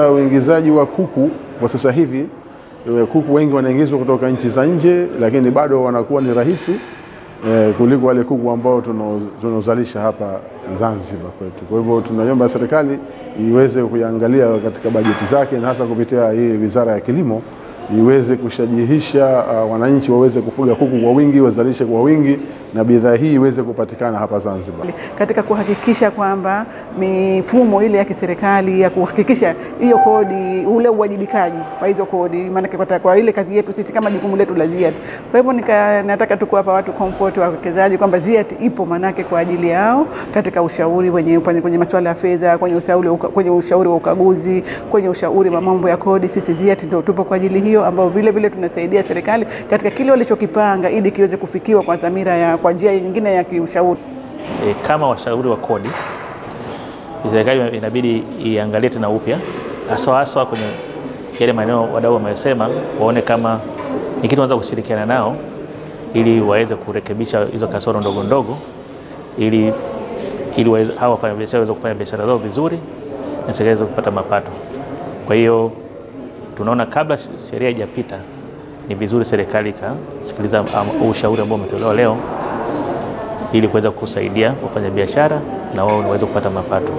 Uh, uingizaji wa kuku kwa sasa hivi, uh, kuku wengi wanaingizwa kutoka nchi za nje, lakini bado wanakuwa ni rahisi eh, kuliko wale kuku ambao tunaozalisha hapa Zanzibar kwetu. Kwa hivyo tunaiomba serikali iweze kuiangalia katika bajeti zake, na hasa kupitia hii Wizara ya Kilimo iweze kushajihisha uh, wananchi waweze kufuga kuku kwa wingi, wazalishe kwa wingi na bidhaa hii iweze kupatikana hapa Zanzibar. Katika kuhakikisha kwamba mifumo ile ya kiserikali ya kuhakikisha hiyo kodi, ule uwajibikaji wa hizo kodi, maana kwa ile kazi yetu sisi kama jukumu letu la ZIAT. Kwa hivyo nataka tu kuwapa watu comfort wawekezaji kwamba ZIAT ipo manake kwa ajili yao katika ushauri wenye kwenye masuala ya fedha, kwenye ushauri kwenye ushauri wa ukaguzi, kwenye ushauri wa mambo ya kodi, sisi ZIAT ndio tupo kwa ajili hiyo hiyo ambao vile vile tunasaidia serikali katika kile walichokipanga ili kiweze kufikiwa kwa dhamira ya kwa njia nyingine ya kiushauri. E, kama washauri wa kodi serikali inabidi iangalie tena upya haswa haswa kwenye yale maeneo wadau wamesema, waone kama ni kitu kushirikiana nao ili waweze kurekebisha hizo kasoro ndogo ndogo, ili ili waweze hawa wafanyabiashara waweze kufanya biashara zao vizuri na serikali iweze kupata mapato. Kwa hiyo tunaona kabla sheria haijapita ni vizuri serikali ikasikiliza um, ushauri ambao umetolewa leo ili kuweza kusaidia wafanyabiashara na wao waweze kupata mapato.